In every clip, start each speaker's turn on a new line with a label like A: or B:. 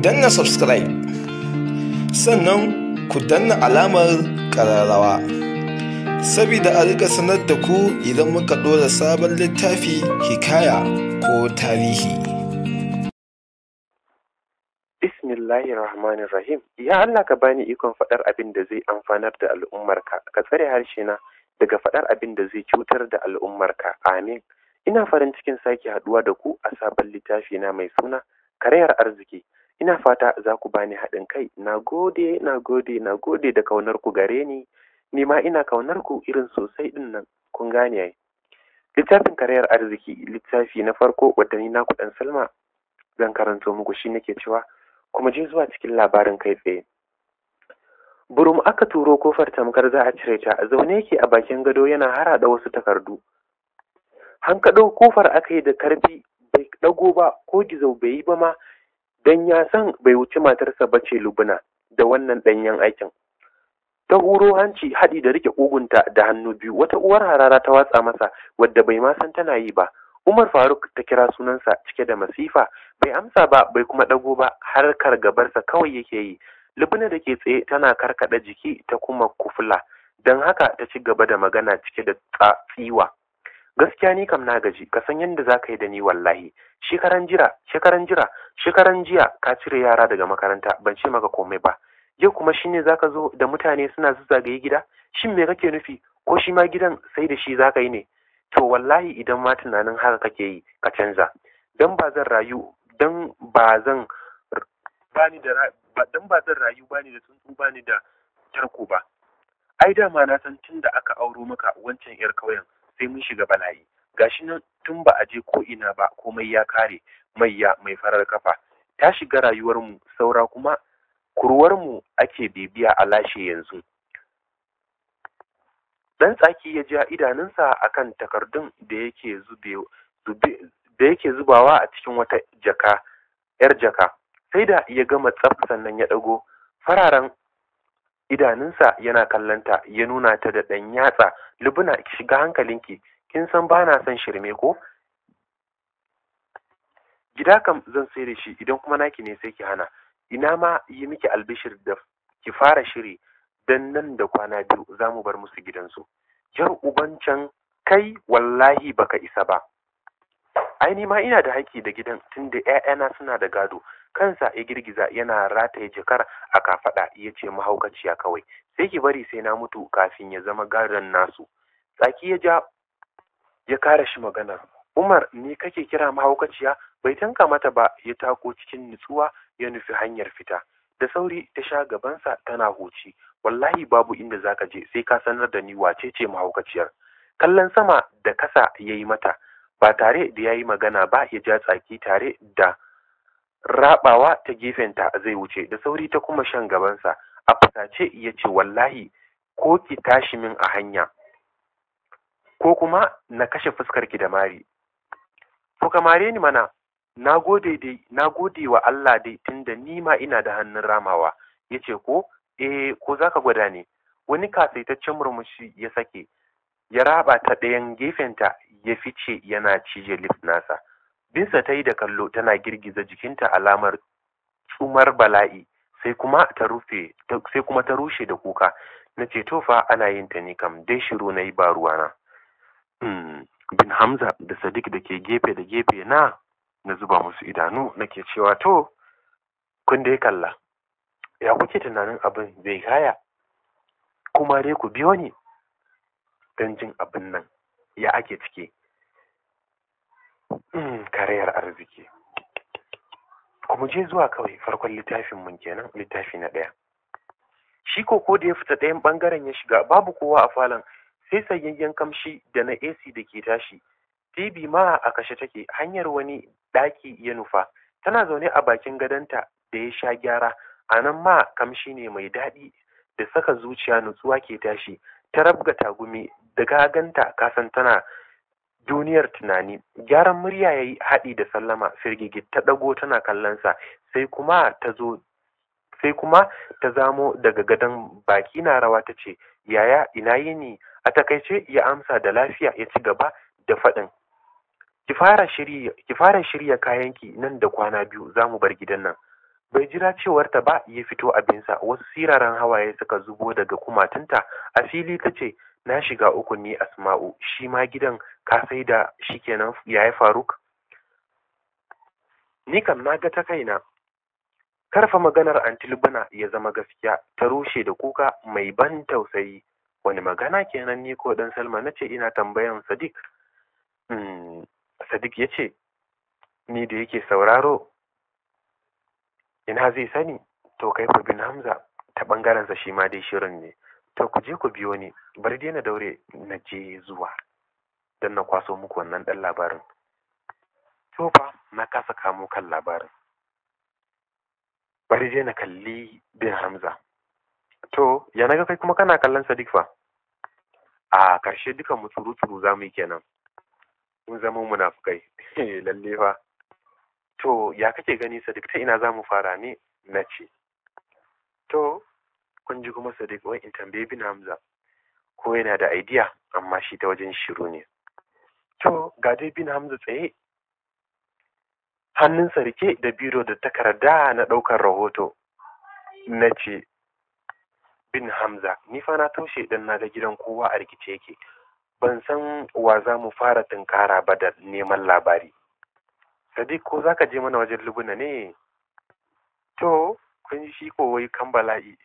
A: danna subscribe sannan ku danna alamar ƙararrawa saboda a rika sanar da ku idan muka ɗora sabon littafi hikaya ko tarihi bismillahir rahmanir rahim ya Allah ka bani ikon faɗar abin da zai amfanar da al'ummarka ka tsare harshe na daga faɗar abin da zai cutar da al'ummarka amin ina farin cikin sake haɗuwa da ku a sabon littafi na mai suna karayar arziki Ina fata za ku bani haɗin kai. Na gode, na gode, na gode da kaunar ku gare ni. Ni ma ina kaunar ku irin sosai ɗin nan. Kun gane yayi. Littafin karyar arziki littafi na farko wadda na kuɗan Salma zan karanto muku shi nake cewa kuma je zuwa cikin labarin kai tsaye. Burum aka turo kofar tamkar za a cire ta zaune yake a bakin gado yana harada wasu takardu. Hankaɗo kofar aka yi da karfi bai ɗago ba ko gizo bai yi ba ma don ya san bai wuci matarsa ba ce lubuna da wannan ɗanyen aikin ta huro hanci haɗi da rike ƙugunta da hannu biyu wata uwar harara ta watsa masa wadda bai ma san tana yi ba umar faruk ta kira sunansa cike da masifa bai amsa ba bai kuma ɗago ba harkar gabarsa kawai yake yi lubuna da ke tsaye tana karkaɗa jiki ta kuma kufula don haka ta ci gaba da magana cike da tsiwa gaskiya ni kam na gaji ka san yadda za ka yi da ni wallahi shekaran jira shekaran jira shekaran jiya ka cire yara daga makaranta ban ce maka komai ba yau kuma shine ka zo da mutane suna zazzagaye gida shin me kake nufi ko shi ma gidan sai da shi zaka yi ne to wallahi idan ma tunanin haka kake yi ka canza dan ba zan rayu dan ba zan bani da dan ba zan rayu bani da tsuntsu bani da tarko ba ai dama na san tun da aka auro maka wancan yar kauyen sai mun shiga bala'i gashi nan tun ba a je ko ina ba komai ya kare mai ya mai farar kafa ta shiga rayuwar mu saura kuma mu ake bibiya a lashe yanzu dan tsaki ya ja idanunsa akan takardun da yake zube da yake zubawa a cikin wata jaka yar jaka sai da ya gama tsaf sannan ya ɗago fararen idanunsa yana kallanta ya nuna ta da ɗan yatsa lubuna ki shiga hankalinki kin san ba na son shirme ko gida kam zan sai da shi idan kuma naki ne sai ki hana ina ma yi miki albishir da ki fara shiri dan nan da kwana biyu za mu bar musu gidansu yar uban can kai wallahi baka isa ba ai ni ma ina da haƙƙi da gidan tunda 'ya'yana suna da gado kansa ya girgiza yana rataye jakar a kafada ya ce mahaukaciya kawai sai ki bari sai na mutu kafin ya zama gadon nasu tsaki ya ja ya kara shi magana umar ni kake kira mahaukaciya bai tanka mata ba ya tako cikin nutsuwa ya nufi hanyar fita da sauri ta sha gabansa tana huci wallahi babu inda zaka je sai ka sanar da ni wace ce mahaukaciyar kallon sama da kasa ya yi mata ba tare da ya yi magana ba ya ja tsaki tare da rabawa ta gefenta zai wuce da sauri ta kuma shan gabansa a fusace ya ce wallahi ko ki tashi min a hanya ko kuma na kashe fuskar ki da mari ko kamare ni mana na gode dai na gode wa Allah dai tunda ni ma ina da hannun ramawa yace ko eh ko zaka gwada ne wani kasaitaccen murmushi ya sake ya raba ta ɗayan gefenta ya fice yana cije lif nasa binsa ta yi da kallo tana girgiza jikinta alamar tsumar bala'i sai kuma ta rufe sai kuma ta rushe da kuka na ce to fa ana yin ta ne kam dai shiru na yi ba na. Hmm, bin hamza da sadiq da ke gefe da gefe na na zuba musu idanu nake cewa to kun dai kalla ya kuke tunanin abin zai kaya kuma dai ku biyo ni don jin abin nan ya ake ciki Hmm, kariyar arziki mu je zuwa kawai farkon littafin mun kenan littafi na ɗaya shi koko da ya fita ɗayan ɓangaren ya shiga babu kowa a falon sai sayayyen kamshi da na ac da ke tashi tv ma a kashe take hanyar wani ɗaki ya nufa tana zaune a bakin gadonta da ya sha gyara a nan ma kamshi ne mai daɗi da saka zuciya nutsuwa ke tashi ta rabga tagumi da gaganta kasan tana duniyar tunani gyaran murya ya yi haɗi da sallama firgigi ta ɗago tana kallonsa sai kuma ta zo sai kuma ta zamo daga gadon baki na rawa ta ce yaya ina yini a takaice ya amsa da lafiya ya ci gaba da faɗin ki fara shirya kayanki nan da kwana biyu za mu bar gidan nan bai jira cewar ta ba ya fito abinsa wasu siraran hawaye suka zubo daga kumatunta a fili ta ce na shiga uku ni asma'u shi ma gidan ka sai da shi kenan ya yi faruk ni kam na ga ta kaina karfa maganar antilbana ya zama gaskiya ta rushe da kuka mai ban tausayi wani magana kenan ni ko dan salma na ce ina tambayan sadiq mm, sadiq ya ce ni da yake sauraro ina zai sani to kai fa bin hamza ta ɓangarensa shi ma dai shirin ne to ku je ku biyo ni bari dai na daure na je zuwa don na kwaso muku wannan ɗan labarin to fa na kasa kamo kan labarin bari dai na kalli bin hamza to ya naga kai kuma kana kallon sadiq fa a karshe dukan mu turu turu za mu yi kenan mun zama munafukai lalle fa to ya kake gani sadiq ta ina za mu fara ne na ce to kun ji kuma sadiq wai in tambaye bin hamza ko yana da idea amma shi ta wajen shiru ne to ga dai bin hamza tsaye hannunsa rike da biro da takarda na ɗaukar rahoto na ce bin hamza ni fa na taushe dan na ga gidan kowa a rikice yake ban san wa za mu fara tunkara ba da neman labari sadiq ko za ka je mana wajen lubuna ne to kun shi ko wai kan bala'i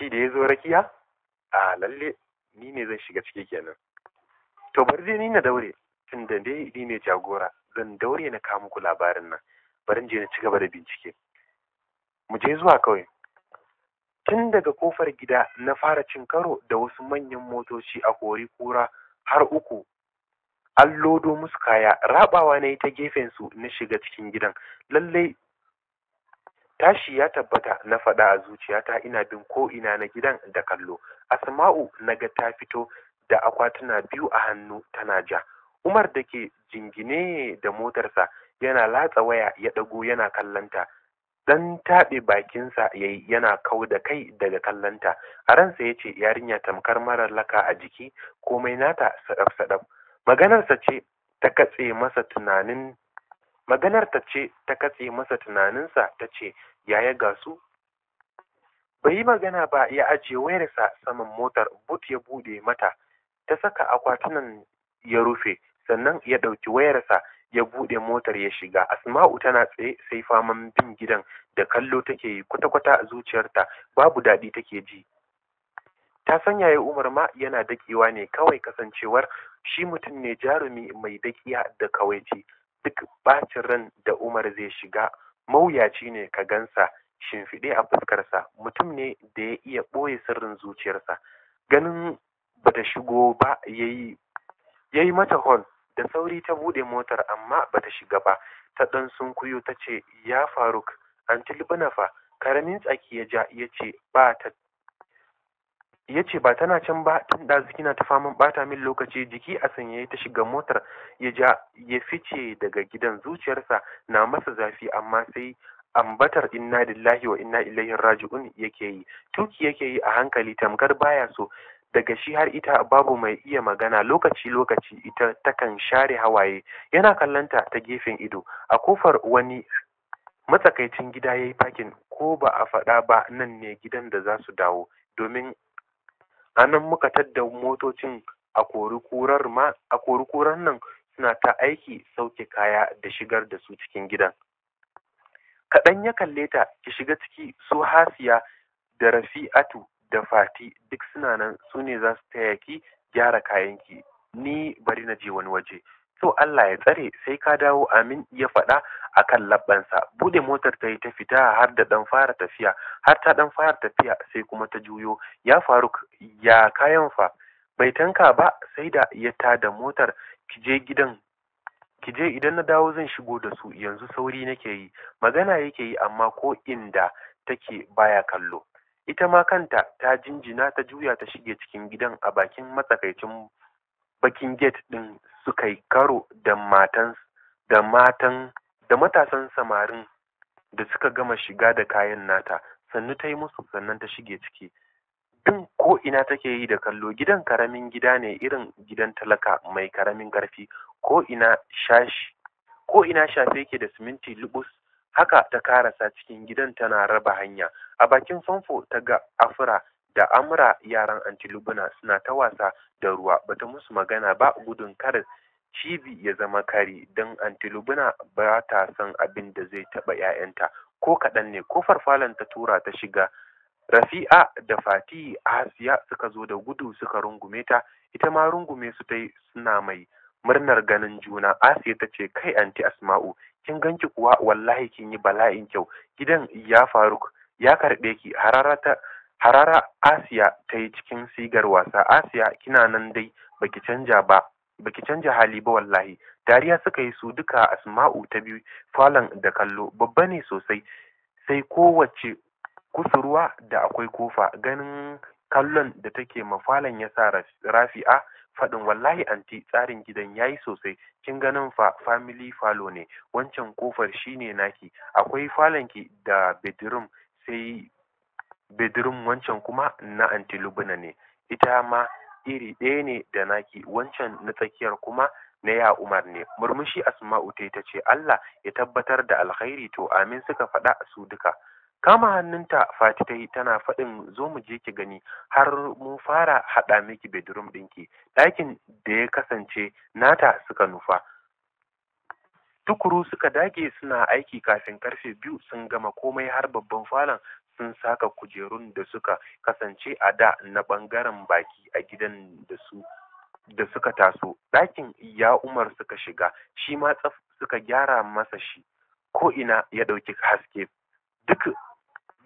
A: shi da ya zo rakiya a lalle ni ne zan shiga ciki kenan to bari zai ni daure tunda da dai ne jagora zan daure na kawo muku labarin nan bari je na ci gaba da bincike mu je zuwa kawai tun daga kofar gida na fara cin karo da wasu manyan motoci a kori kura har uku an lodo musu kaya rabawa na yi ta gefensu na shiga cikin gidan lallai tashi ya tabbata na faɗa a zuciyata ina bin ko ina na gidan da kallo asma'u naga ta fito da akwatuna biyu a hannu tana ja umar da ke jingine da motarsa yana latsa waya ya ɗago yana kallanta dan taɓe bakinsa yayi yana kau da kai daga kallanta a ransa ya ce yarinya tamkar marar laka a jiki komai nata sadaf sadaf maganarsa ce ta katse masa tunanin maganar ta ce ta katse masa tunaninsa ta ce ya ga gasu. bai yi magana ba ya ajiye wayarsa saman motar but ya bude mata ta saka akwatunan ya rufe sannan ya ɗauki wayarsa ya bude motar ya shiga asma'u tana tsaye sai faman bin gidan da kallo take yi kwata-kwata a zuciyarta babu daɗi take ji ta san yaya umar ma yana dakewa ne kawai kasancewar shi mutum ne jarumi mai dakiya da kawaici duk bacin ran da Umar zai shiga mawuyaci ne ka gansa shimfiɗe a fuskarsa mutum ne da ya iya ɓoye sirrin zuciyarsa ganin ba ta shigo ba ya yi mata hon da sauri ta buɗe motar amma ba ta shiga ba ta ɗan sunkuyo ta ce ya faruk an tilbina fa karamin tsaki ya ja ya ce ba ta ya ce ba tana can ba tun da kina ta faman bata min lokaci jiki a sanye ta shiga motar ya ja ya fice daga gidan zuciyarsa na masa zafi amma sai ambatar inna lillahi wa inna ilaihi raji'un yake yi tuki yake yi a hankali tamkar baya so daga shi har ita babu mai iya magana lokaci lokaci ita takan share hawaye yana kallanta ta gefen ido a kofar wani matsakaicin gida yayi yi fakin ko ba a faɗa ba nan ne gidan da za su dawo domin a nan muka tadda motocin a kori kurar ma a kori kurar nan suna ta aiki sauke kaya da shigar da su cikin gidan kaɗan ya kalle ta ki shiga ciki su hasiya da rafi'atu da fati duk suna nan su ne za su taya ki gyara kayanki ni bari na je wani waje so Allah ya tsare sai ka dawo amin ya faɗa a kan labbansa bude motar ta yi ta fita har da ɗan fara tafiya har ta ɗan fara tafiya sai kuma ta juyo ya faru ya kayan fa bai tanka ba sai da ya tada motar ki je gidan ki idan na dawo zan shigo da su yanzu sauri nake yi magana yake yi amma ko inda take baya kallo ita ma kanta ta jinjina ta juya ta shige cikin gidan a bakin matsakaicin bakin gate din suka yi karo da matan da matan da matasan samarin da suka gama shiga da kayan nata sannu ta yi musu sannan ta shige ciki din ko ina take yi da kallo gidan karamin gida ne irin gidan talaka mai karamin karfi ko ina shashi ko ina shafe yake da siminti lubus haka ta karasa cikin gidan tana raba hanya a bakin famfo ta ga afura da amura yaran antilubuna suna ta wasa da ruwa bata musu magana ba gudun kar cibi ya zama kari don antilubuna ba ta san abin da zai taba 'ya'yanta ko kaɗan ne ko farfalan ta tura ta shiga rafi'a da fati asiya suka zo da gudu suka rungume ta ita ma rungume su ta yi, suna mai murnar ganin juna asiya ta ce kai anti asma'u kin ganki kuwa wallahi kin yi bala'in kyau gidan ya faruk ya karɓe ki hararata harara asiya ta yi cikin sigar wasa asiya kina nan dai baki canja ba baki canja hali ba wallahi dariya suka yi su duka asma'u ta biyu falon da kallo babba ne sosai sai kowace kusurwa da akwai kofa ganin kallon da take mafalan ya sa rafi'a faɗin wallahi anti tsarin gidan ya yi sosai kin ganin fa family falo ne wancan kofar shine naki akwai falonki da bedroom sai bedroom wancan kuma na anti lubuna ne ita ma iri ɗaya ne da naki wancan na tsakiyar kuma na ya umar ne murmushi asma'u ta ta ce allah ya tabbatar da alkhairi to amin suka faɗa su duka kama hannunta fati ta yi tana faɗin zo mu je ki gani har mu fara haɗa miki bedroom ɗinki ɗakin da ya kasance nata suka nufa tukuru suka dage suna aiki kafin karfe biyu sun gama komai har babban falon sun saka kujerun da suka kasance a da na ɓangaren baki a gidan da su da suka taso ɗakin ya umar suka shiga shi ma tsaf suka gyara masa shi ko ina ya ɗauki haske duk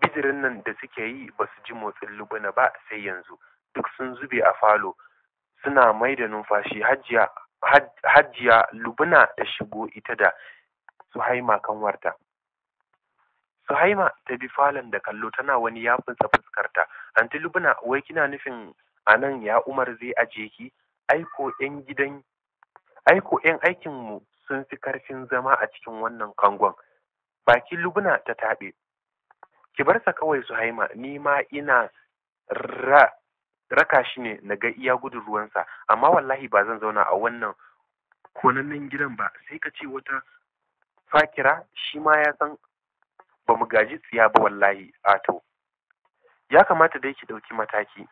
A: bijirin nan da suke yi ba su ji motsin lubuna ba sai yanzu duk sun zube a falo suna mai da numfashi hajjiya hajjiya lubuna ta shigo ita da su haima kanwarta Suhaima ta bi falon da kallo tana wani yatsunsa fuskarta. Anti Lubna wai kina nufin a nan ya Umar zai aje ki? Aiko ƴan gidan Aiko ƴan aikin mu sun fi karfin zama a cikin wannan kangon. baki Lubna ta taɓe. Ki bar sa kawai Suhaima, ni ma ina ra raka shi ne na ga iya gudun ruwansa, amma wallahi ba zan zauna a wannan konannen gidan ba, sai ka ce wata fakira shi ma ya san ba mu gaji tsiya ba wallahi ato ya kamata dai ki ɗauki mataki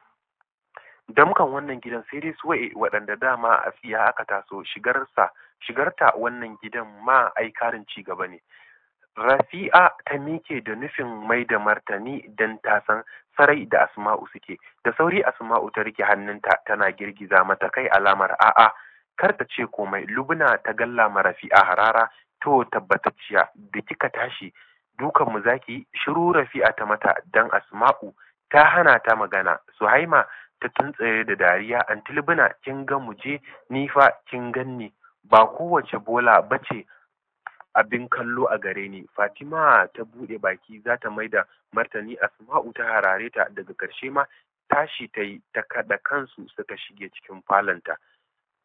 A: damkan wannan gidan sai dai wai waɗanda dama a tsiya aka taso shigarsa shigarta wannan gidan ma ai karin ci gaba ne rafi'a ta mike da nufin mai da martani don ta san sarai da asma'u suke da sauri asma'u ta rike hannunta tana girgiza mata kai alamar a'a kar ta ce komai lubuna ta galla ma rafi'a harara to tabbatacciya da kika tashi dukan mu zaki shiru rafi'a ta mata dan asma'u ta hana ta magana suhaima ta tuntsaye da dariya anti tilbina kin ga mu je ni fa kin ganni ba kowace bola bace abin kallo a gare ni fatima ta bude baki za ta maida martani asma'u ta harare ta daga karshe ma tashi ta yi ta kaɗa kansu suka shige cikin falonta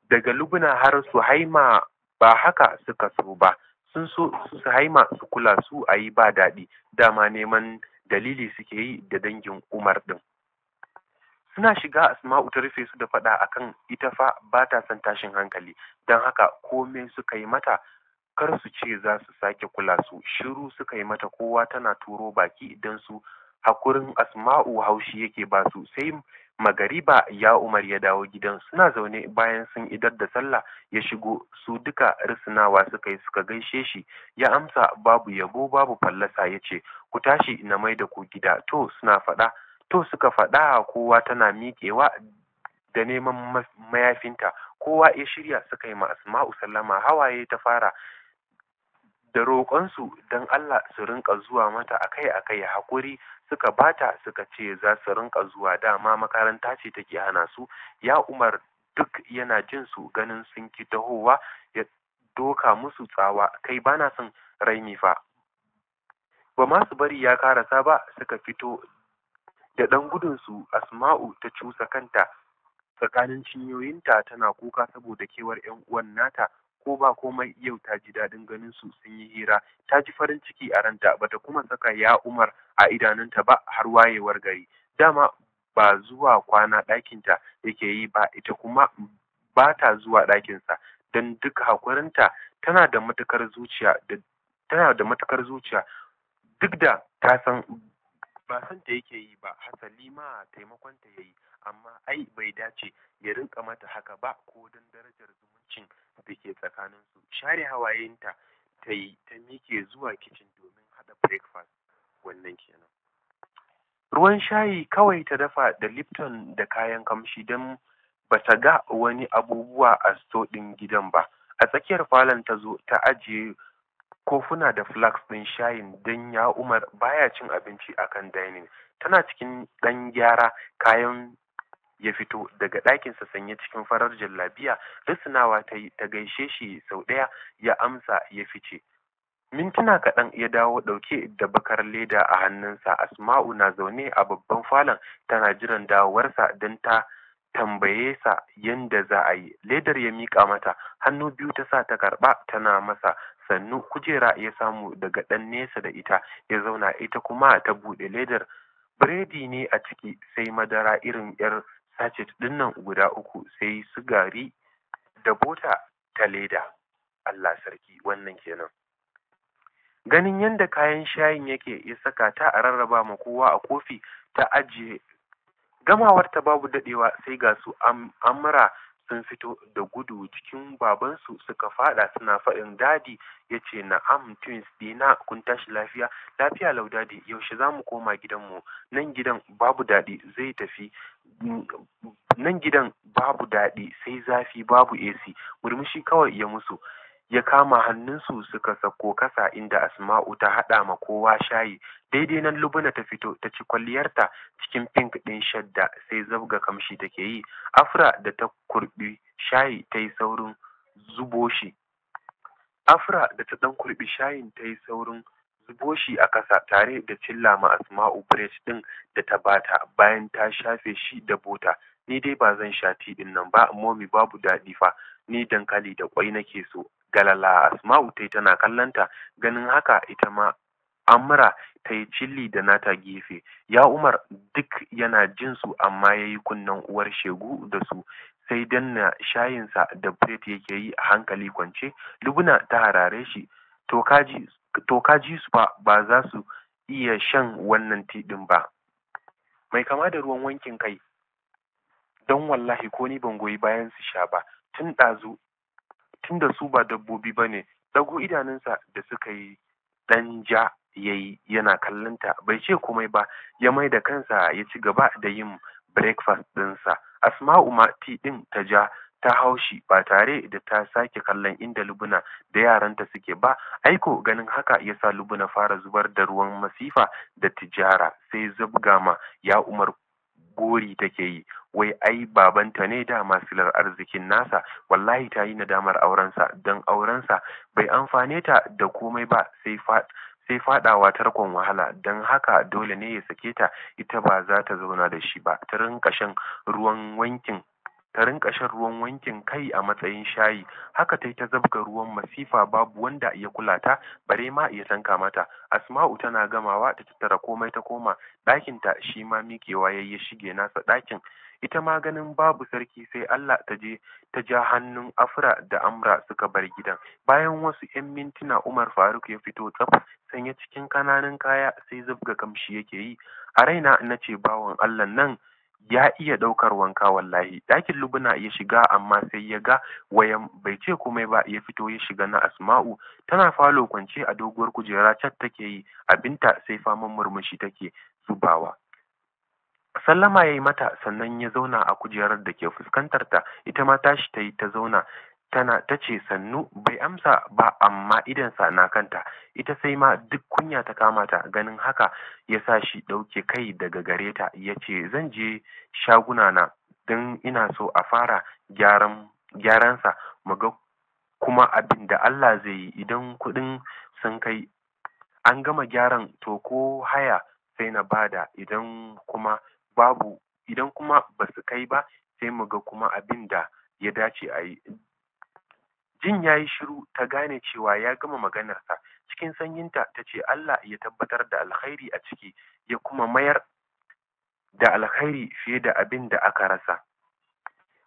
A: daga lubuna har suhaima ba haka suka so ba sun so su haima su kula su a yi ba daɗi dama neman dalili suke yi da dangin umar ɗin suna shiga asma'u ta rufe su da faɗa akan ita fa ba ta son tashin hankali don haka komai suka yi mata kar su ce za su sake kula su shiru suka yi mata kowa tana turo baki idan su hakurin asma'u haushi yake ba su sai magariba ya umar ya dawo gidan suna zaune bayan sun idar da sallah ya shigo su duka risinawa suka yi suka gaishe shi ya amsa babu yabo babu fallasa ya ce ku tashi na mai da ku gida to suna faɗa to suka faɗa kowa tana miƙewa da neman mayafinta kowa ya shirya suka yi ma asma'u sallama hawaye ta fara da roƙonsu don Allah su rinka zuwa mata akai-akai hakuri. suka bata suka ce za su rinka zuwa dama makaranta ce take hana su ya umar duk yana jin su ganin sun ki tahowa ya doka musu tsawa kai bana son raini fa ba ma su bari ya karasa ba suka fito da ɗan su asma'u ta cusa kanta tsakanin cinyoyinta tana kuka saboda kewar 'yan uwan nata ko ba komai yau ta ji daɗin ganin su sun yi hira ta ji farin ciki a ranta bata kuma saka ya umar a idanunta ba har wayewar gari dama ba zuwa kwana ɗakinta yake yi ba ita kuma ba ta zuwa ɗakinsa don duk hakurinta tana da matukar zuciya tana da zuciya duk da ta san ba san ta yake yi ba hasali ma taimakon ta yayi amma ai bai dace ya rinka mata haka ba ko don darajar zumuncin da ke tsakanin su share hawayenta ta yi ta mike zuwa kicin domin hada breakfast wannan kenan ruwan shayi kawai ta dafa da lipton da kayan kamshi don ta ga wani abubuwa a sto ɗin gidan ba a tsakiyar falon ta zo ta ajiye kofuna da flax ɗin shayin don ya umar baya cin abinci akan dining tana cikin ɗan gyara kayan ya fito daga ɗakinsa sanya cikin farar jallabiya risinawa ta ta gaishe shi sau ɗaya ya amsa ya fice mintuna kaɗan ya dawo ɗauke da bakar leda a hannunsa asma'u na zaune a babban falon tana jiran dawowarsa don ta tambaye sa yadda za a yi ledar ya miƙa mata hannu biyu ta sa ta karɓa tana masa sannu kujera ya samu daga ɗan nesa da ita ya zauna ita kuma ta buɗe ledar biredi ne a ciki sai madara irin yar sachet ɗinnan guda uku sai sigari da bota ta leda Allah sarki wannan kenan ganin yadda kayan shayin yake ya saka ta a rarraba ma kowa a kofi ta ajiye gamawar ta babu dadewa sai ga su amra sun fito da gudu jikin babansu suka fada suna faɗin dadi ya ce na'am twins dina kun tashi lafiya lafiya lau dadi yaushe za mu koma gidanmu nan gidan babu dadi zai tafi nan gidan babu daɗi sai zafi babu ac murmushi kawai ya musu ya kama hannunsu suka sako kasa inda Asma'u ta haɗa ma kowa shayi daidai nan Lubuna ta fito ta ci kwalliyarta cikin pink ɗin shadda sai zabga kamshi take yi Afra da ta kurbi shayi ta yi saurin zubo shi Afra da ta ɗan kurbi shayin ta yi saurin zubo shi a ƙasa tare da cilla ma Asma'u bridge ɗin da ta bata bayan ta shafe shi da bota ni dai ba zan sha ti ɗin nan ba momi babu daɗi fa ni dankali da kwai nake so galala asma'u ta tana kallonta ganin haka ita ma amra ta yi cilli da nata gefe ya umar duk yana jin su amma ya yi kunnen uwar shegu da su sai danna shayinsa da plate yake yi a hankali kwance lubuna ta harare shi to kaji su fa ba za su iya shan wannan tidin ba mai kama da ruwan wankin kai don wallahi ko ni ban goyi bayan su sha ba tun ɗazu da su ba dabbobi ba ne ɗago idanunsa da suka yi ɗan ja ya yi yana kallonta bai ce komai ba ya mai da kansa ya ci gaba da yin breakfast ɗinsa asma'u ma ti ɗin ta ja ta haushi ba tare da ta sake kallon inda lubuna da yaranta suke ba aiko ganin haka ya sa lubuna fara zubar da ruwan masifa da tijara sai zubgama ya umar gori take yi wai ai babanta ne dama silar arzikin nasa wallahi ta yi nadamar aurensa don aurensa bai amfane ta da komai ba sai faɗawa sai fadawa tarkon wahala don haka dole ne ya sake ta ita ba za ta zauna da shi ba ta rinka shan ruwan wankin ta rinka shan ruwan wankin kai a matsayin shayi haka ta yi ta zabga ruwan masifa babu wanda ya kula ta bare ma ya tanka mata asma'u tana gamawa ta tattara komai ta koma ta shi ma miƙewa ya shige nasa ɗakin ita ma ganin babu sarki sai Allah ta je ta ja hannun Afra da Amra suka bar gidan bayan wasu 'yan mintuna Umar Faruk ya fito tsaf sanya cikin kananan kaya sai zubga kamshi yake yi a raina na ce bawan Allah nan ya iya ɗaukar wanka wallahi ɗakin lubuna ya shiga amma sai ya ga wayan bai ce komai ba ya fito ya shiga na asma'u tana falo kwance a doguwar kujera cat take yi abinta sai faman murmushi take zubawa sallama ya yi mata sannan ya zauna a kujerar da ke fuskantar ta ita ma tashi ta yi ta zauna tana ta ce sannu bai amsa ba amma idansa na kanta ita sai ma duk kunya ta kama ta ganin haka ya sa shi ɗauke kai daga gare ta ya ce zan je shaguna na don ina so a fara gyaran gyaransa mu ga kuma abin da Allah zai yi idan kuɗin sun kai an gama gyaran to ko haya sai na bada idan kuma babu idan kuma ba kai ba sai mu ga kuma abin da ya dace a yi jin ya yi shiru ta gane cewa ya gama maganarsa cikin sanyinta ta ce allah ya tabbatar da alkhairi a ciki ya kuma mayar da alkhairi fiye da abin da aka rasa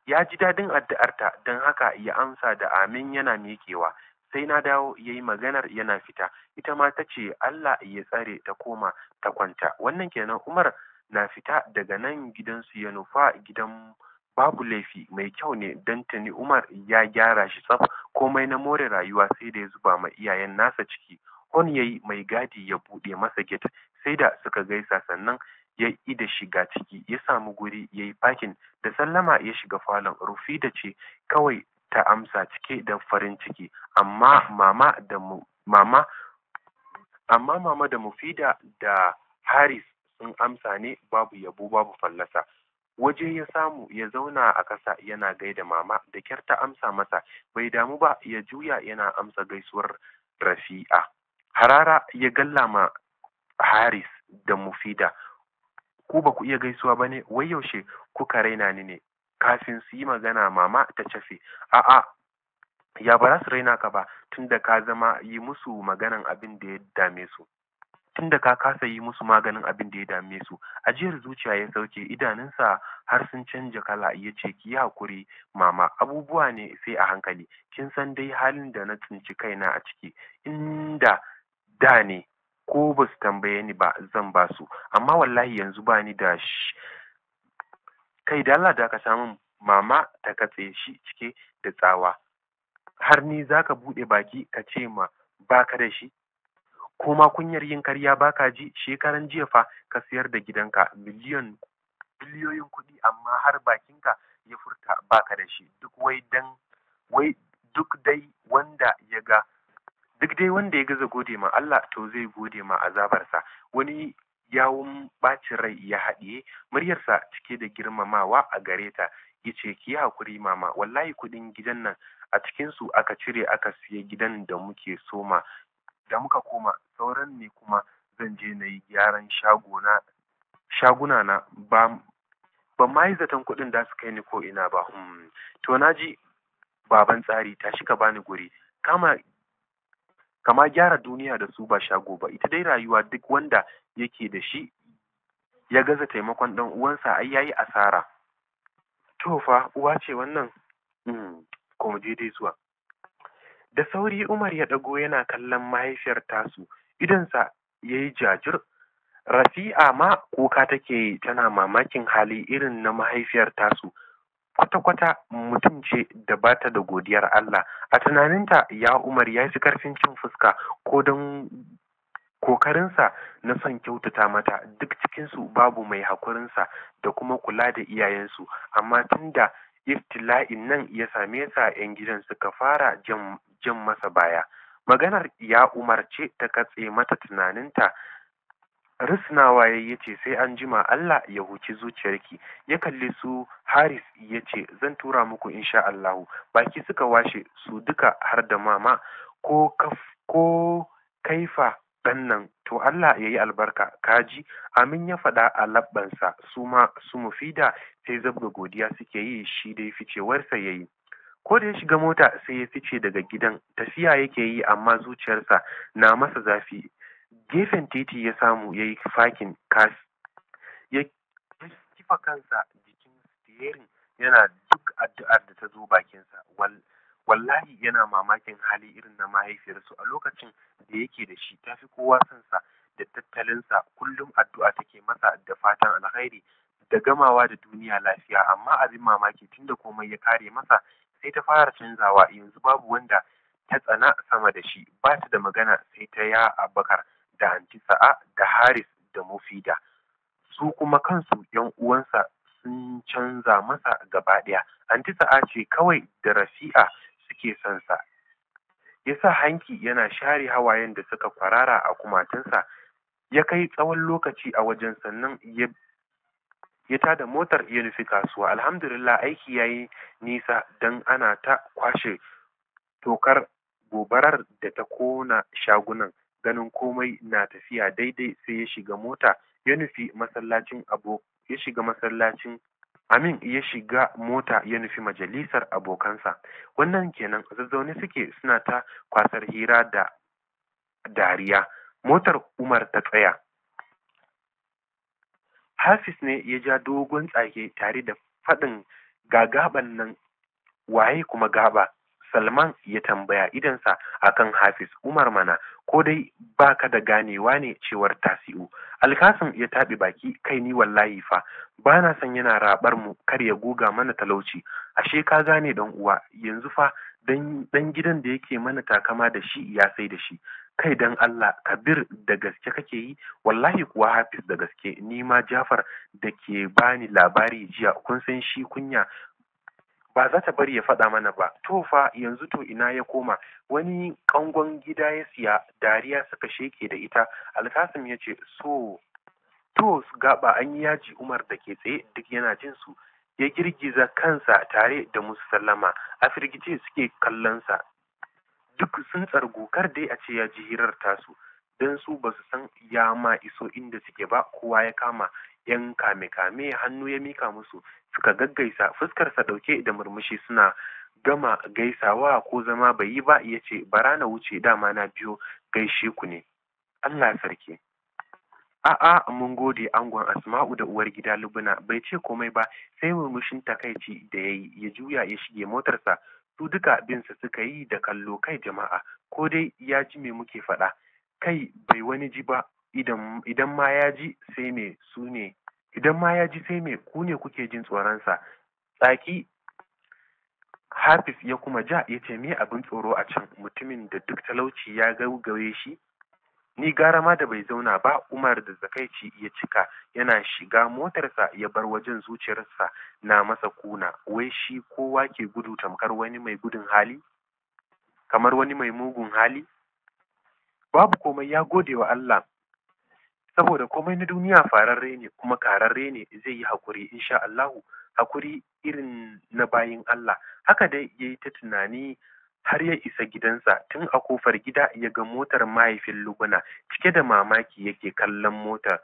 A: ya ji daɗin addu'arta don haka ya amsa da amin yana miƙewa sai na dawo ya yi maganar yana fita ita ma ta ce allah ya tsare ta koma ta kwanta wannan kenan umar na fita daga nan gidansu ya nufa gidan babu laifi mai kyau ne don tuni Umar ya gyara shi tsaf komai na more rayuwa sai da ya zuba ma iyayen nasa ciki hon yayi mai gadi ya buɗe masa gate sai da suka gaisa sannan ya yi da shiga ciki ya samu guri ya yi fakin da sallama ya shiga falon rufi da ce kawai ta amsa cike da farin ciki amma mama da mu mama amma mama da mufida da haris sun amsa ne babu yabo babu fallasa waje ya samu ya zauna a ƙasa yana gaida mama da kyar ta amsa masa bai damu ba ya juya yana amsa gaisuwar rafi'a harara ya gallama haris da mufida ku ba ku iya gaisuwa ba ne wai yaushe kuka raina ni ne kafin su yi magana mama ta cafe a'a ya ba su raina ka ba tunda ka zama yi musu maganan abin da ya dame su da ka kasa yi musu maganin abin da ya dame su ajiyar zuciya ya sauke idanunsa har sun canja kala ya ce ki hakuri mama abubuwa ne sai a hankali kin san dai halin da na tsinci kaina a ciki inda da ne ko ba su tambaye ni ba zan ba su amma wallahi yanzu ba ni da kai da Allah da ka samu mama ta katse shi cike da tsawa har ni zaka buɗe baki ka ce ma baka da shi Koma kunyar yin karya baka ji shekaran jiya fa ka siyar da gidanka miliyon biliyoyin kuɗi amma har bakinka ya furta baka da shi duk wai dan wai duk dai wanda ya ga duk dai wanda ya gaza gode ma Allah to zai gode ma azabarsa wani yawun bacin rai ya haɗiye muryarsa cike da girmamawa a gare ta ya ce ki hakuri mama wallahi kuɗin gidan nan a cikinsu aka cire aka siya gidan da muke soma da muka koma sauran ne kuma zan je na yi gyaran shaguna na ba ban ma yi zaton kuɗin da su kai ni ko ina ba hmm, to na ji baban tsari ta shi ka bani guri kama kama gyara duniya da su ba shago ba ita dai rayuwa duk wanda yake da shi ya gaza taimakon ɗan uwansa ai yayi asara to fa uwa ce wannan hmm, ko mu dai zuwa Da sauri Umar ya ɗago yana kallon mahaifiyar tasu, idansa ya yi jajir. Rafi'a ma kuka take tana mamakin hali irin na mahaifiyar tasu. Kwata-kwata mutum ce da ba ta da godiyar Allah, a tunaninta ya Umar ya fi karfin cin fuska ko don kokarinsa na son kyautata mata duk cikinsu babu mai hakurinsa da kuma kula da iyayensu, amma tun da. iftila'in nan ya same sa 'yan gidan suka fara jan masa baya maganar ya umarce ta katse mata tunaninta risnawa ya ce sai an jima Allah ya huci zuciyarki ya kalli su Haris ya ce zan tura muku insha Allahu baki suka washe su duka har da mama ko kaifa ɗan nan to Allah ya yi albarka kaji amin ya faɗa a labbansa su ma su mufida sai zabga godiya suke yi shi dai ficewarsa ya yi ko da ya shiga mota sai ya fice daga gidan tafiya yake yi amma zuciyarsa na masa zafi gefen titi ya samu ya yi fakin kas ya kifa kansa jikin steering yana duk addu'ar da ta zo bakinsa wallahi yana mamakin hali irin na mahaifiyarsu a lokacin da yake da shi tafi kowa sansa da tattalinsa kullum addu'a take masa da fatan alkhairi da gamawa da duniya lafiya amma abin mamaki tunda komai ya kare masa sai ta fara canzawa yanzu babu wanda ta tsana sama da shi ba ta da magana sai ta ya abakar da anti sa'a da haris da mufida su kuma kansu yan uwansa sun canza masa gaba ɗaya anti sa'a ce kawai da rafi'a suke son sa yasa hanki yana share hawayen da suka kwarara a kumatunsa ya kai tsawon lokaci a wajen sannan ya ya tada motar ya nufi kasuwa alhamdulillah aiki yayi nisa dan ana ta kwashe tokar gobarar da ta kona shagunan ganin komai na tafiya daidai sai ya shiga mota ya nufi masallacin abo ya shiga masallacin Amin ya shiga mota ya nufi majalisar abokansa. Wannan kenan zazzaune suke suna ta kwasar hira da dariya. Motar Umar ta tsaya. Hafiz ne ya ja dogon tsage tare da faɗin gagaban nan waye kuma gaba. Salman ya tambaya idansa kan Hafiz Umar mana ko dai ba ka da ganewa ne cewar tasi'u. Alkasim ya taɓi baki kai ni wallahi fa ba na san yana rabar mu kar ya guga mana talauci ashe ka gane dan uwa yanzu fa dan gidan da yake mana takama da shi ya sai da shi kai dan Allah kabir da gaske kake yi wallahi kuwa hafiz da gaske ni ma Jafar da ke bani labari jiya kun san shi kunya ba za ta bari ya faɗa mana ba to fa yanzu to ina ya koma wani kangon gida ya siya dariya suka sheke da ita alkasim ya ce so to gaba an yi yaji umar da ke tsaye duk yana jin su ya girgiza kansa tare da musu sallama a firgice suke kallonsa duk sun tsargu kar dai a ce ya ji hirar tasu don su ba su san ya ma iso inda suke ba kowa ya kama yan kame-kame hannu ya mika musu suka gaggaisa fuskarsa ɗauke da murmushi suna gama gaisawa ko zama bai yi ba ya ce bara na wuce dama na biyo gaishe ku ne Allah sarki a'a mun gode angon asma'u da uwar gida lubuna bai ce komai ba sai murmushin takaici da yayi ya juya ya shige motarsa su duka binsa suka yi da kallo kai jama'a ko dai ya ji me muke faɗa kai bai wani ji ba idan ma ya ji sai me su ne idan ma ya ji sai me ku ne kuke jin tsoronsa tsaki hafiz ya kuma ja ya ce me abin tsoro a can mutumin da duk talauci ya gaugaye shi ni gara ma da bai zauna ba umar da zakaici ya cika yana shiga motarsa ya bar wajen zuciyarsa na masa kuna wai shi kowa ke gudu tamkar wani mai gudun hali kamar wani mai mugun hali babu komai ya gode wa Allah saboda komai na duniya fararre ne kuma kararre ne zai yi hakuri insha Allahu hakuri irin na bayin Allah haka dai ya yi ta tunani har ya isa gidansa tun a kofar gida ya ga motar mahaifin luguna, cike da mamaki yake kallon motar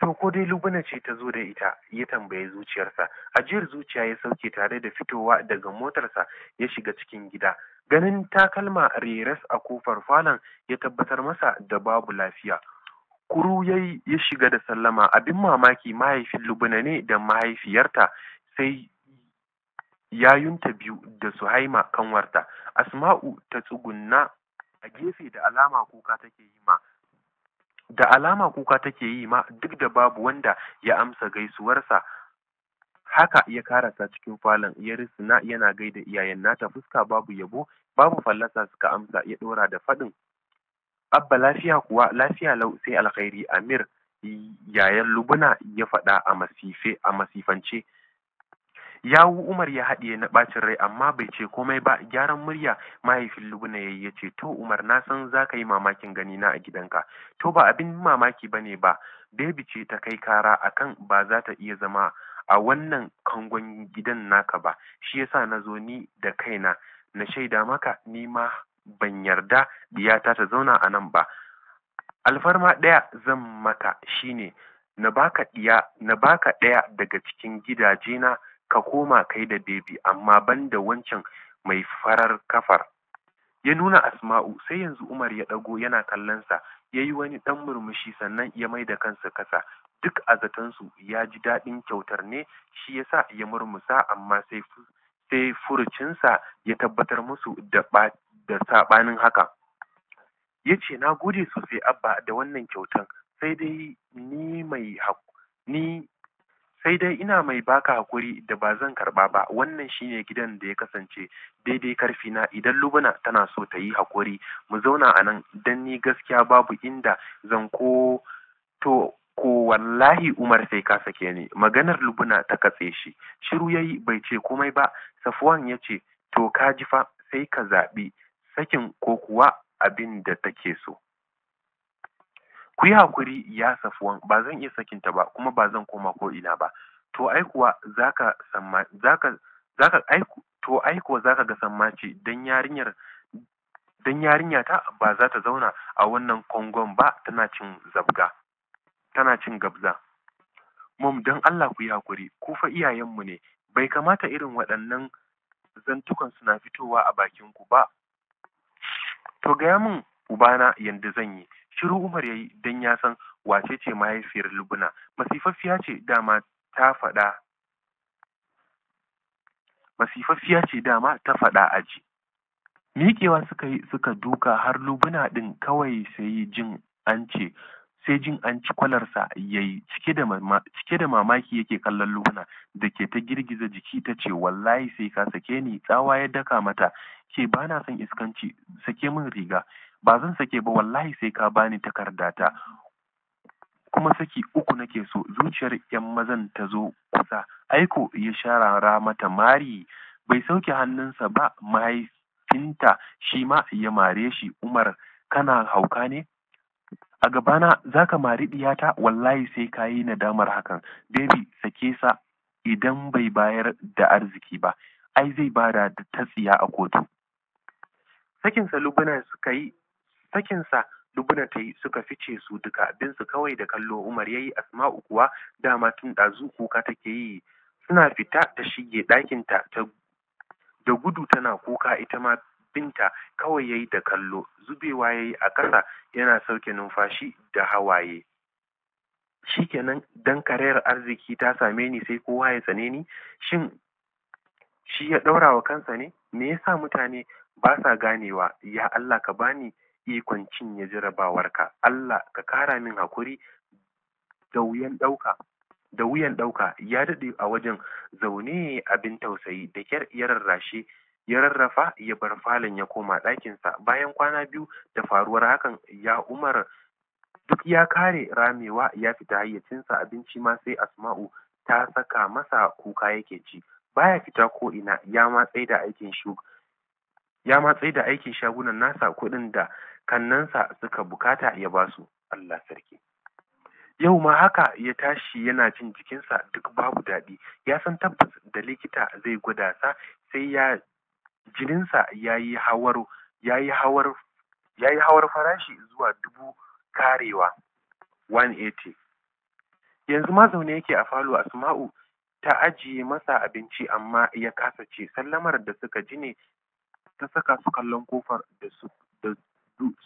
A: to ko dai luguna ce ta zo da ita ya tambayi zuciyarsa ajiyar zuciya ya sauke tare da fitowa daga motarsa ya shiga cikin gida ganin takalma reras a kofar falon ya tabbatar masa da babu lafiya kuru ya ya shiga da sallama abin mamaki mahaifin lubuna ne da mahaifiyarta sai yayunta biyu da su haima kanwarta asma'u ta tsugunna a gefe da alama kuka take yi ma da alama kuka take yi ma duk da babu wanda ya amsa gaisuwarsa haka ya karasa cikin falon ya risina yana gaida iyayen nata fuska babu yabo babu fallasa suka amsa ya ɗora da faɗin abba lafiya kuwa lafiya lau sai alkhairi amir yayan lubuna ya faɗa a masife a masifance yawu umar ya haɗiye na ɓacin rai amma bai ce komai ba gyaran murya mahaifin lubuna ya ya ce to umar na san za ka yi mamakin gani na a gidanka to ba abin mamaki ba ne ba bebi ce ta kai kara akan ba za ta iya zama a wannan kangon gidan naka ba shi yasa na zo ni da kaina na shaida maka ni ma ban yarda diyata ta zauna a nan ba alfarma ɗaya zan maka shine na baka na baka ɗaya daga cikin gidaje na ka koma kai da bebi amma banda wancan mai farar kafar ya nuna asma'u sai yanzu umar ya ɗago yana kallonsa ya yi wani ɗan murmushi sannan ya mai da kansa kasa duk a zatansu ya ji daɗin kyautar ne shi ya sa ya murmusa amma sai sai furucinsa ya tabbatar musu da da saɓanin haka ya ce na gode sosai abba da wannan kyautan sai dai ni mai ni sai dai ina mai baka hakuri da ba zan karɓa ba wannan shine gidan da ya kasance daidai karfi na idan lubuna tana so ta yi hakuri mu zauna a nan dan ni gaskiya babu inda zan ko to ko wallahi umar sai ka sake ni maganar lubuna ta katse shi shiru yayi bai ce komai ba Safwan ya ce to ka ji fa sai ka zaɓi sakin ko kuwa abin da take so ku yi hakuri ya safuwan ba zan iya sakinta ba kuma ba zan koma ko ina ba to ai kuwa zaka samma zaka zaka ai to ai kuwa zaka ga sammaci dan yarinyar dan yarinya ta ba za ta zauna a wannan kongon ba tana cin zabga tana cin gabza mom dan Allah ku yi hakuri ku fa iyayen mu ne bai kamata irin waɗannan zantukan suna fitowa a bakin ku ba to gaya min ubana yanda zan yi shiru umar ya yi don ya san wace ce mahaifiyar lubuna masifaffiya ce dama ta faɗa masifaffiya ce dama ta faɗa aji miƙewa suka yi suka duka har lubuna ɗin kawai sai jin ance. sai jin an ci kwalarsa ya yi. cike da mamaki yake kallon lubuna da ke ta girgiza jiki ta ce wallahi sai ka sake ni tsawa ya daka mata ke ba na son iskanci sake min riga ba zan sake ba wallahi sai ka bani takardata kuma saki uku nake so zuciyar yan mazan ta zo kusa aiko ya sharara mata mari bai sauke hannunsa ba mahaifinta shi ma ya mare shi umar kana hauka ne a gabana za ka mari ɗiyata wallahi sai ka yi nadamar hakan baby sake sa idan bai bayar da arziki ba ai zai bada da ta a kotu sakinsa lubuna suka yi sakinsa lubuna ta yi suka fice su duka bin kawai da kallo umar yayi asma'u kuwa dama tun ɗazu kuka take yi suna fita ta shige ɗakinta ta da gudu tana kuka ita ma binta kawai ya yi da kallo zubewa ya yi a ƙasa yana sauke numfashi da hawaye shikenan dan karayar arziki ta same ni sai kowa ya tsane ni shin shi ya ɗaura wa kansa ne me yasa mutane ba sa ganewa ya Allah ka bani ikon cinye ka. Allah ka kara min hakuri da wuyan ɗauka da wuyan ɗauka ya daɗe a wajen zaune abin tausayi da kyar yarar rashi ya rarrafa ya bar falon ya koma ɗakinsa bayan kwana biyu da faruwar hakan ya umar duk ya kare ramewa ya fita hayyacinsa abinci ma sai asma'u ta saka masa kuka yake ci baya fita ko ina ya matsai da aikin shug ya matsai da aikin shagunan nasa kuɗin da kannansa suka bukata ya basu Allah sarki yau ma haka ya tashi yana jin jikinsa duk babu daɗi ya san tabbas da likita zai gwada sa sai ya jininsa ya yi hawar ya hawar farashi zuwa dubu karewa 180 yanzu ma zaune yake a falo asma'u ta ajiye masa abinci amma ya kasa ce sallamar da suka ji ne ta saka su kallon kofar da su da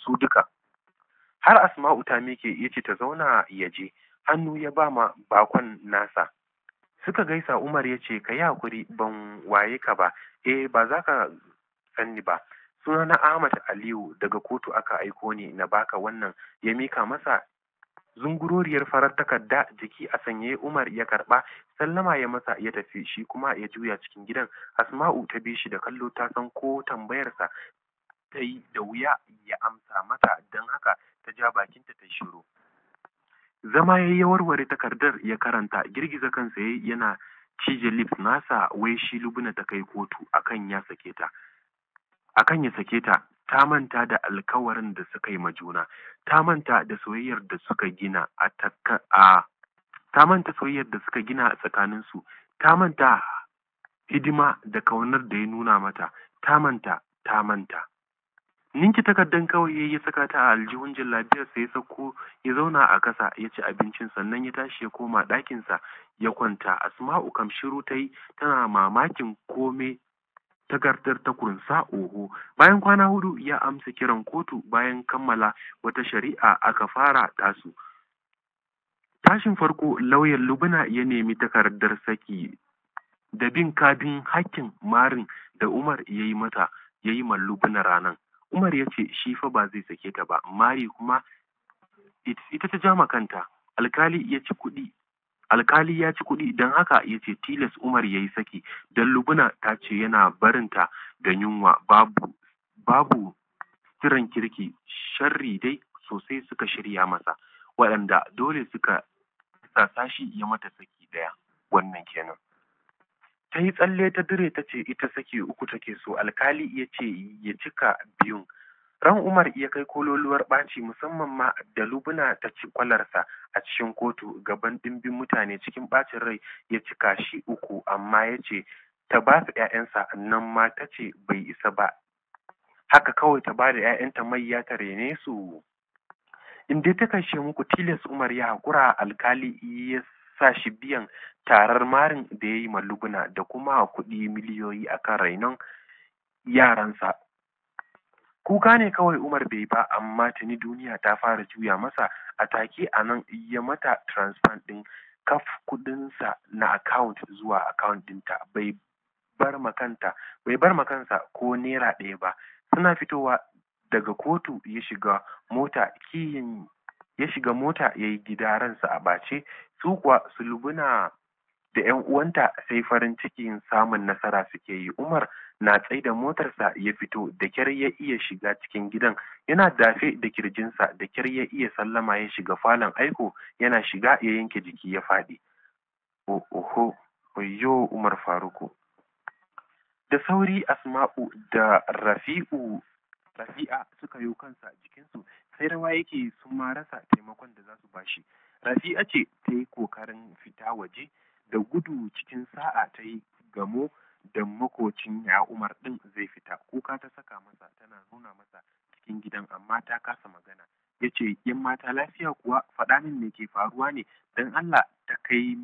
A: su duka har asma'u ta miƙe ya ce ta zauna ya je hannu ya ba ma bakon nasa suka gaisa umar ya ce ka yi hakuri ban waye ka ba eh ba za ka sanni ba Suna na Ahmad Aliyu daga kotu aka aiko ne na baka wannan ya mika masa zunguroriyar farar takarda jiki a sanye Umar ya karba sallama ya masa ya tafi shi kuma ya juya cikin gidan Asma'u ta bi shi da kallo ta san ko tambayarsa ta yi da wuya ya amsa mata don haka ta ja bakinta ta shiru zama ya yi warware takardar ya karanta girgiza kansa yana cije nasa wai shi lubuna ta kai kotu akan ya sake ta ta manta da alkawarin da suka yi ma juna ta manta da soyayyar da suka gina a ta manta da suka gina a tsakaninsu ta manta hidima da kaunar da ya nuna mata ta manta ta manta ninki takardan kawai ya yi saka ta a aljihun jallabiyarsa ya sauko ya zauna a ƙasa ya ci abincin sannan ya tashi ya koma ɗakinsa ya kwanta asma'u kamshiru shiru ta yi tana mamakin kome takardar ta kunsa oho bayan kwana hudu ya amsa kiran kotu bayan kammala wata shari'a aka fara tasu tashin farko lauyan lubuna ya nemi takardar saki da bin kadin hakkin marin da umar ya yi mata ya yi mallubuna ranan Umar ya ce shi fa ba zai sake ta ba, Mari kuma ita ta jama kanta. Alkali ya ci kuɗi alkali ya ci kuɗi don haka ya ce tilas umar ya yi saki don lubuna ta ce yana barinta da yunwa babu babu sirrin kirki sharri dai sosai suka shirya masa waɗanda dole suka sashi ya mata saki ɗaya wannan kenan ta yi tsalle ta dire ta ce ita sake uku take so alkali ya ce ya cika biyun ran umar ya kai kololuwar ɓaci musamman ma da lubuna ta ci kwalarsa a cikin kotu gaban ɗimbin mutane cikin ɓacin rai ya cika shi uku amma ya ce ta ba su 'ya'yansa nan ma ta ce bai isa ba haka kawai ta ba da 'ya'yanta mai ya tare ne su inda ta kashe muku tilas umar ya haƙura alkali ya sa shi biyan tarar marin da ya yi ma luguna da kuma kuɗi miliyoyi akan rainon yaransa kuka ne kawai umar bai ba amma tuni duniya ta fara juya masa a take a nan ya mata transfer ɗin kaf kuɗinsa na account zuwa account ɗinta bai bar makanta bai bar makansa ko naira ɗaya ba suna fitowa daga kotu ya shiga mota kiyin ya shiga mota ya yi gida ransa a ɓace su kuwa sulubuna da ‘yan uwanta sai farin cikin samun nasara suke yi umar na tsai da motarsa ya fito da kyar ya iya shiga cikin gidan yana dafe da kirjinsa da kyar ya iya sallama ya shiga falon aiko yana shiga ya yanke jiki ya faɗi oho oyo umar faruku da sauri asma'u da rafi'u rafi'a suka yo kansa jikinsu sai rawa yake sun ma rasa taimakon da za su bashi rafi'a ce ta yi kokarin fita waje da gudu cikin sa'a ta yi gamo da makocin ya umar din zai fita kuka ta saka masa tana nuna masa cikin gidan amma ta kasa magana ya ce yan mata lafiya kuwa faɗa min me ke faruwa ne don allah ta kai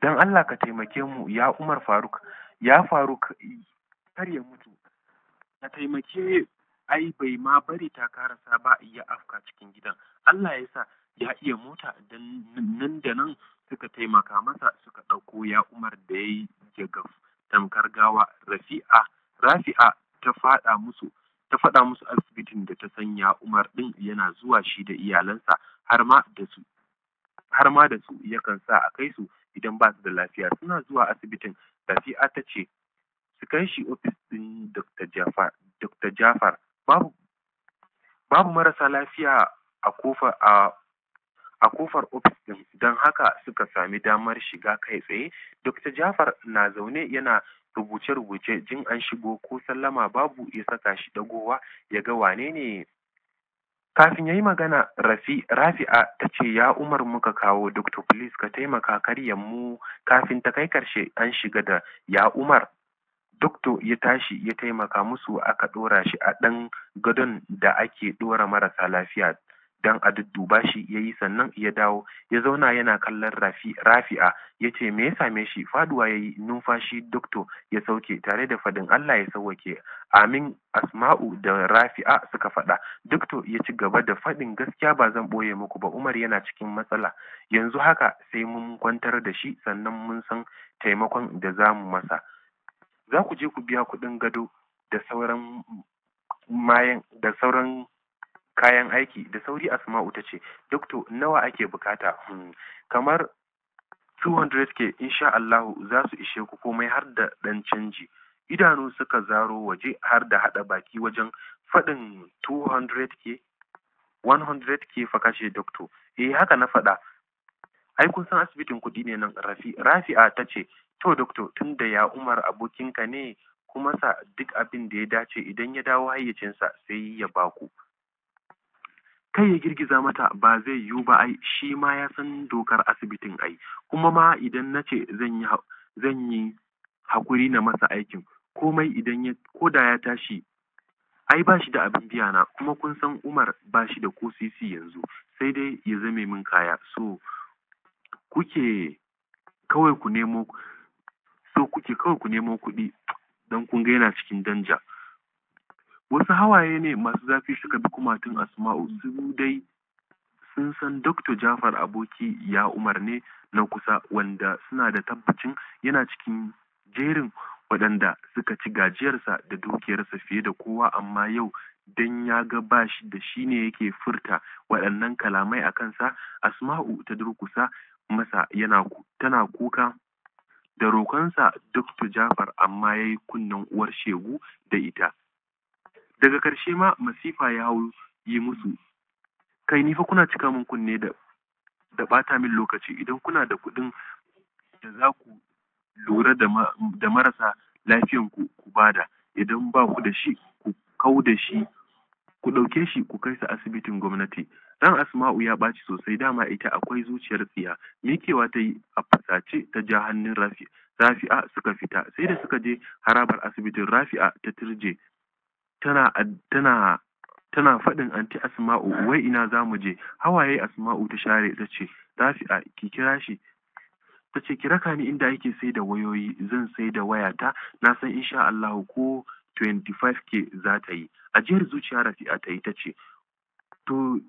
A: don allah ka taimake mu ya umar faruk ya faruk kar ya mutu ka taimake ai bai ma bari ta karasa ba iya afka cikin gidan Allah ya sa ya iya mota nan da nan suka taimaka masa suka ɗauko ya umar da ya yi jagaf tamkar gawa rafi'a rafi'a ta faɗa musu ta faɗa musu asibitin da ta sanya umar ɗin yana zuwa shi da iyalansa har ma da su har ma da su yakan sa a kai su idan ba su da lafiya suna zuwa asibitin rafi'a ta ce su kai shi ofis ɗin dr jafar dr jafar babu babu marasa lafiya a kofar a a kofar ofis din don haka suka sami damar shiga kai tsaye dr jafar na zaune yana rubuce-rubuce jin an shigo ko sallama babu ya saka shi dagowa ya ga wane ne kafin ya yi magana rafi rafi'a ta ce ya umar muka kawo dr police ka taimaka karyan mu kafin ta kai karshe an shiga da ya umar Dokto ya tashi ya taimaka musu aka ɗora shi a ɗan gadon da ake ɗora marasa lafiya don a dudduba shi ya yi sannan ya dawo ya zauna yana kallon rafi'a ya ce me ya same shi faduwa ya yi numfashi dokto ya sauke tare da faɗin allah ya sauwake amin asma'u da rafi'a suka faɗa dokto ya ci gaba da faɗin gaskiya ba zan ɓoye muku ba umar yana cikin matsala yanzu haka sai mun kwantar da shi sannan mun san taimakon da za mu masa za ku je ku biya kuɗin gado da sauran mayan da sauran kayan aiki da sauri asma'u ta ce dokto nawa ake bukata hmm, kamar 200k insha Allahu za su ishe ku komai har da ɗan canji idanu suka zaro waje har da haɗa baki wajen faɗin 200k 100k fa kashe dokto eh haka na faɗa ai kun san asibitin kuɗi ne nan rafi rafi'a ta ce to tun tunda ya umar abokinka ne kuma sa duk abin da ya dace idan ya dawo hayyacinsa sai ya baku kai ya girgiza mata ba zai yiwu ba ai shi ma ya san dokar asibitin ai kuma ma idan na ce zan yi hakuri na masa aikin komai idan ya ko da ya tashi ai ba shi da abin biya na kuma kun san umar ba shi da ko sisi yanzu sai dai ya zame min kaya so kuke kawai ku nemo so kuke kawai ku nemo kuɗi don kun ga yana cikin danja wasu hawaye ne masu zafi suka bi kumatun asma'u su dai sun san Dr. Jafar aboki ya Umar ne na kusa wanda suna da tabbacin yana cikin jerin waɗanda suka ci gajiyarsa da dukiyarsa fiye da kowa amma yau don ya ga bashi da shi ne yake furta waɗannan kalamai a kansa asma'u ta durkusa masa yana tana kuka da roƙonsa Dr. Jafar amma yayi yi kunnen uwar shegu da ita. Daga ƙarshe ma masifa ya hau yi musu, kai ni fa kuna cika min kunne da da ɓata min lokaci idan kuna da kuɗin da za ku lura da marasa lafiyan ku ku bada idan ba ku da shi ku kau da shi ku ɗauke shi ku kai sa asibitin gwamnati ɗan asma'u ya ɓaci sosai dama ita akwai zuciyar tsiya mikewa ta yi a fasace ta ja hannun rafi rafi'a suka fita sai da suka je harabar asibitin rafi'a ta turje tana faɗin anti asma'u wai ina za mu je hawaye asma'u ta share ta ce rafi'a ki kira shi ta ce kira raka ni inda yake sai da wayoyi zan sai da wayata na san insha Allahu ko 25k za ta yi ajiyar zuciya rafi'a ta yi ta ce to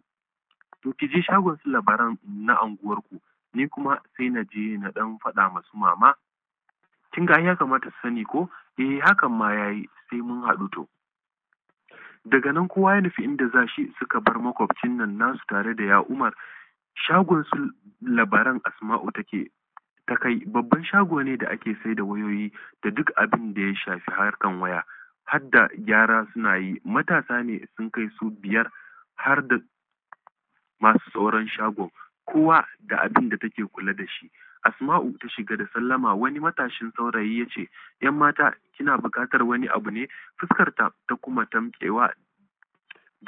A: ki je shagon su labaran na anguwarku ni kuma sai na je na dan faɗa masu mama kin ga ya kamata sani ko eh hakan ma yayi sai mun haɗu to daga nan kowa ya nufi inda za shi suka bar makwabcin nan nasu tare da ya umar shagon su labaran asma'u take ta kai babban shago ne da ake sai da wayoyi da duk abin da ya shafi harkan waya har da gyara suna yi matasa ne sun kai su biyar har da masu tsoron shago. kowa da abin da take kula da shi asma'u ta shiga da sallama wani matashin saurayi ya ce yan mata kina buƙatar wani abu ne fuskarta ta kuma tamkewa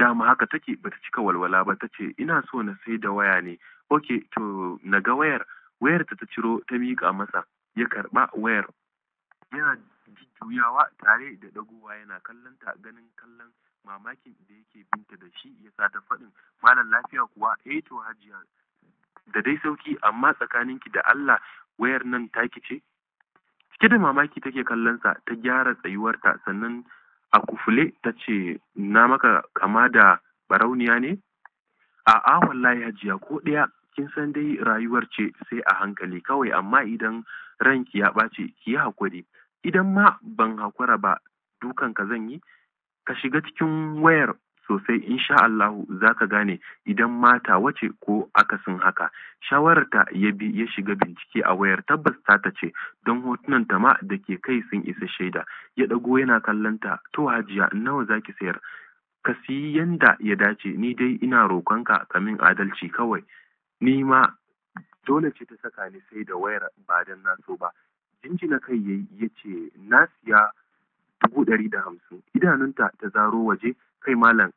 A: dama haka take bata cika walwala ba ta ce ina so na sai da waya ne ok to na wayar wayar ta ta ciro ta miƙa masa ya karɓa wayar yana jujjuyawa tare da ɗagowa yana kallonta ganin kallon mamakin da yake binta da shi ya sa ta faɗin malam lafiya kuwa eh to hajiya da dai sauki amma tsakanin ki da Allah wayar nan taki ce cike da mamaki take kallon sa ta gyara tsayuwarta sannan a kufule ta ce na maka kama da barauniya ne a'a wallahi hajiya ko ɗaya kin san dai rayuwar ce sai a hankali kawai amma idan ranki ya ɓace ki yi hakuri idan ma ban hakura ba dukan ka zan yi ka shiga cikin wayar sosai insha Allahu za ka gane idan mata wace ko akasin haka shawararta ya bi ya shiga bincike a wayar tabbas ta ta ce don hotunan ta ma da ke kai sun isa shaida ya ɗago yana kallon ta to hajiya nawa zaki sayar ka siyi yanda ya dace ni dai ina roƙonka ka min adalci kawai ni ma dole ce ta saka ni sai da wayar ba dan na so ba Inji na kai ya yi ce na siya dubu ɗari da hamsin idanunta ta zaro waje kai malam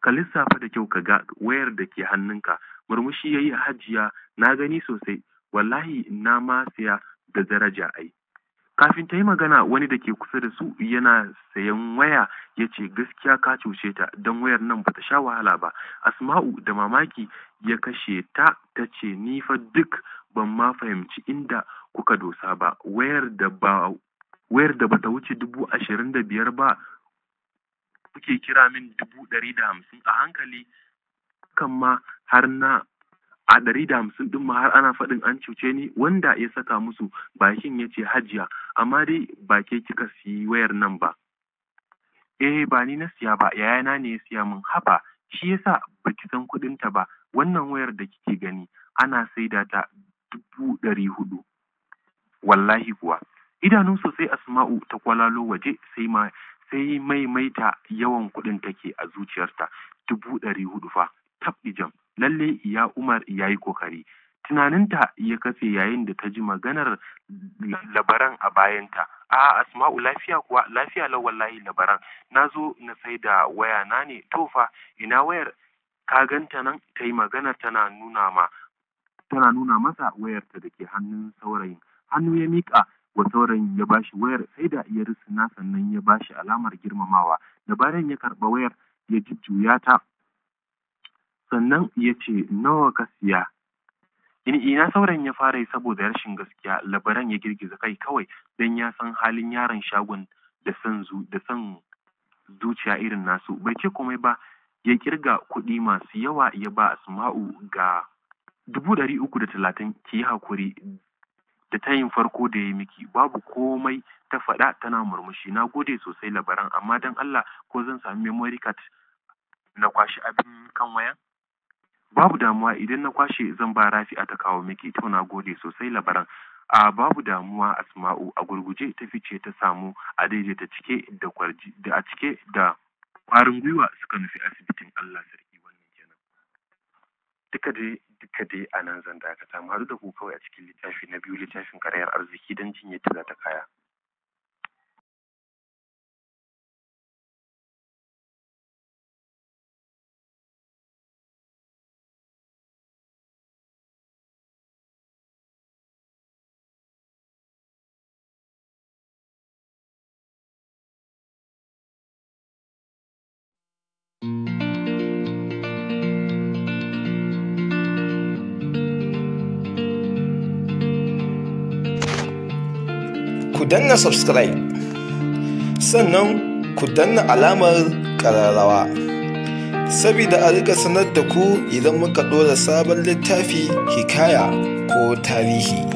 A: ka lissafa da kyau ka ga wayar da ke hannunka murmushi ya yi hajiya na gani sosai wallahi na ma saya da daraja ai kafin ta yi magana wani da ke kusa da su yana sayan waya ya ce gaskiya ka cuce ta don wayar nan bata sha wahala ba asma'u da mamaki ya kashe ta ta ce ni fa duk ban ma fahimci inda kuka dosa ba wayar da ba ta bata wuce dubu ashirin da biyar ba kuke kira min dubu ɗari da hamsin a hankali kan ma har na a ɗari da hamsin ɗin ma har ana faɗin an cuce ni wanda ya saka musu bakin ya ce hajiya amma dai ba ke kika siyi wayar nan ba eh ba ni na siya ba yayana ne ya siya min haba shi yasa ba ki san kuɗinta ba wannan wayar da kike gani ana saida ta dubu ɗari hudu wallahi kuwa idanunsu sai asma'u ta kwalalo waje sai ma sai maimaita yawan kuɗin take a zuciyarta dubu ɗari hudu fa tab jam lalle ya umar ya yi kokari tunaninta ya katse yayin da ta ji maganar labaran a bayanta a asma'u lafiya kuwa lafiya lau wallahi labaran na zo na sai da waya na ne to fa ina wayar ka ganta nan ta yi magana tana nuna tana nuna masa wayarta da ke hannun saurayin hannu ya miƙa wa sauran ya bashi wayar sai da ya sannan ya bashi alamar girmamawa da bayan ya karɓa wayar ya jujjuya ta sannan ya ce nawa ka siya ina sauran ya fara yi saboda rashin gaskiya labaran ya girgiza kai kawai don ya san halin yaron shagon da san da san zuciya irin nasu bai ce komai ba ya kirga kuɗi masu yawa ya ba asma'u ga dubu ɗari uku da talatin ki yi hakuri da tayin farko da ya miki babu komai ta faɗa tana murmushi na gode sosai labaran amma don Allah ko zan sami memory card na kwashi abin kan waya. babu damuwa idan na kwashe zan ba rafi'a ta kawo miki to na gode sosai labaran a babu damuwa asma'u a gurguje ta fice ta samu a daidaita cike da kwarji da a cike da kwarin gwiwa suka nufi asibitin Allah sarki wannan kenan duka dai duka dai a nan zan dakata mu haɗu da ku kawai a cikin littafi na biyu littafin karayar arziki don jinyar yadda ta kaya. danna subscribe sannan ku danna alamar ƙararrawa saboda a rika sanar da ku idan muka ɗora sabon littafi hikaya ko tarihi